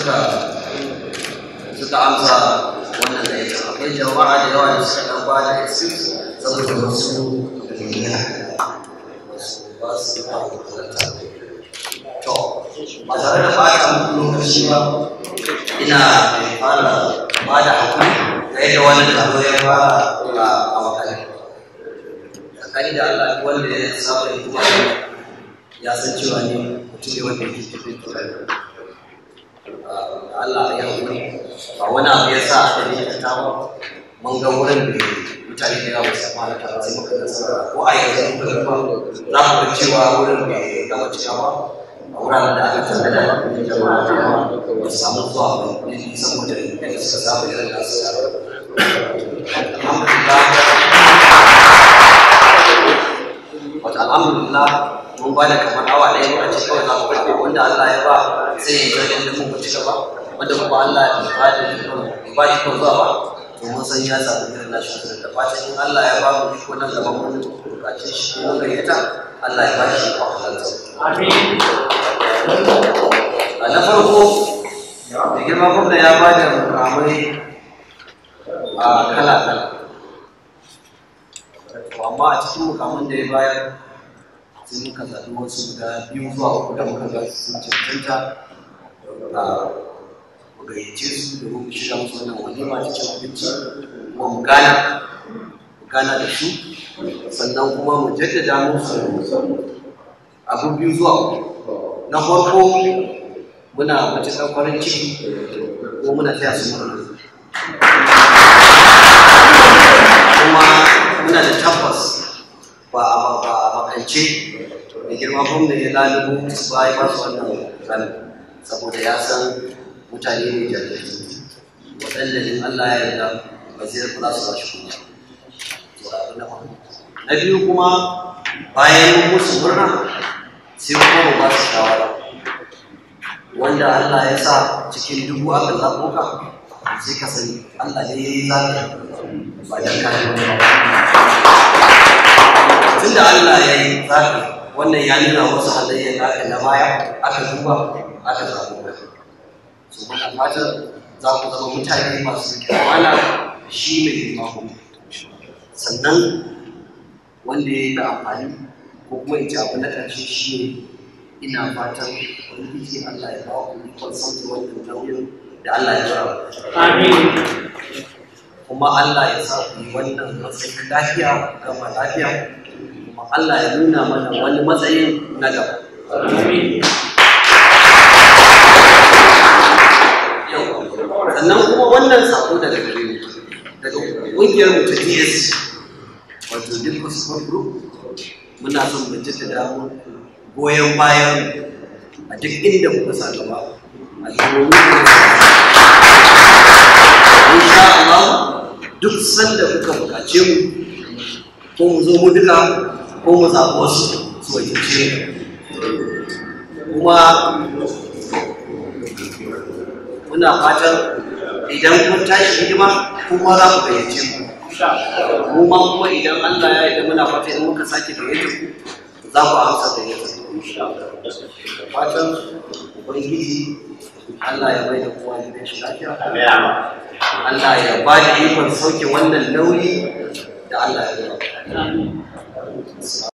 suka suka amsa wannan da yake akwai jama'a da yawa da suka ba da excuse saboda wasu dalila ba su da to ba tare da lokaci ba ina fara ba da da yadda wannan ya fara a A da Allah wanda ya saba yi ya san cewa ne mutum ne wanda tafiya ba wani abu ya sa aka yi ta ba mun ga wurin da mutane da yawa su fara ta sai muka nasara ko a yanzu muka ga ba za ku ga cewa wurin da ya gama cewa a wuraren da aka tsada da jama'a jama'a ba su samu zuwa ba ne saboda yadda suka samu irin nasu wata alhamdulillah mun ba da kamar awa ɗaya ne a cikin wanda Allah ya ba sai ya yi ganin da mun ci gaba wanda kuma Allah ya ba da ikon ba ikon zuwa ba to mun san ya samu irin nashi da fatan in Allah ya ba mu iko nan gaba mun bukace shi ko mun gayyata Allah ya ba shi Allah amin a na farko da girma gwamna ya ba da mukamai a kala kala amma a cikin mukamin da ya bayar sun muka wasu guda biyu zuwa uku da muka ga sun cancanta gayyace su domin mu shirya musu wannan walima ta cin kuma mu gana mu gana da su sannan kuma mu zuwa na farko muna matuƙar farin ciki ko muna taya su murna kuma muna da tabbas ba a makance da girma da ya lalubu su yi masu wannan zanen saboda ya san mutane ne jajjaji waɗanda in Allah ya yarda ba zai ba su ba shi kunya na biyu kuma bayan musu murna sai kuma ba su shawara wanda Allah ya sa cikin dubu akan zaɓo ka sai ka sani Allah ne ya yi zaɓi ba da wani ba tun da Allah ya yi zaɓi wannan ya nuna wasu halayyar aka na baya aka duba aka zaɓo so muna za ku zama mutane masu kyawala shi mai girma sannan wanda ya yi da amfani ko kuma ya ci abu na ƙarshe shi ne ina fatan wani biki Allah ya ba ku ikon sauke wannan nauyin da Allah ya ba Amin. Kuma Allah ya sa ku wannan matsayin lafiya gama lafiya kuma Allah ya nuna mana wani matsayin na gaba. Amin. sannan kuma wannan sako daga gare mu daga ƙungiyar mu ta DS wato Dimpo Sport Group muna son mu jaddada goyon bayan a duk inda kuka sa gaba a jihohin Allah duk sanda muka bukace mu ko mu zo mu duka ko mu zaɓi wasu su wakilce kuma muna fatan idan kun tashi hidima kuma za ku gayyace mu mu ma kuma idan Allah ya yarda muna fata in muka sake gayyace ku za ku amsa gayyace ku fatan ubangiji Allah ya bai da kowa ne shi lafiya Allah ya ba da ikon sauke wannan nauyi da Allah ya yi.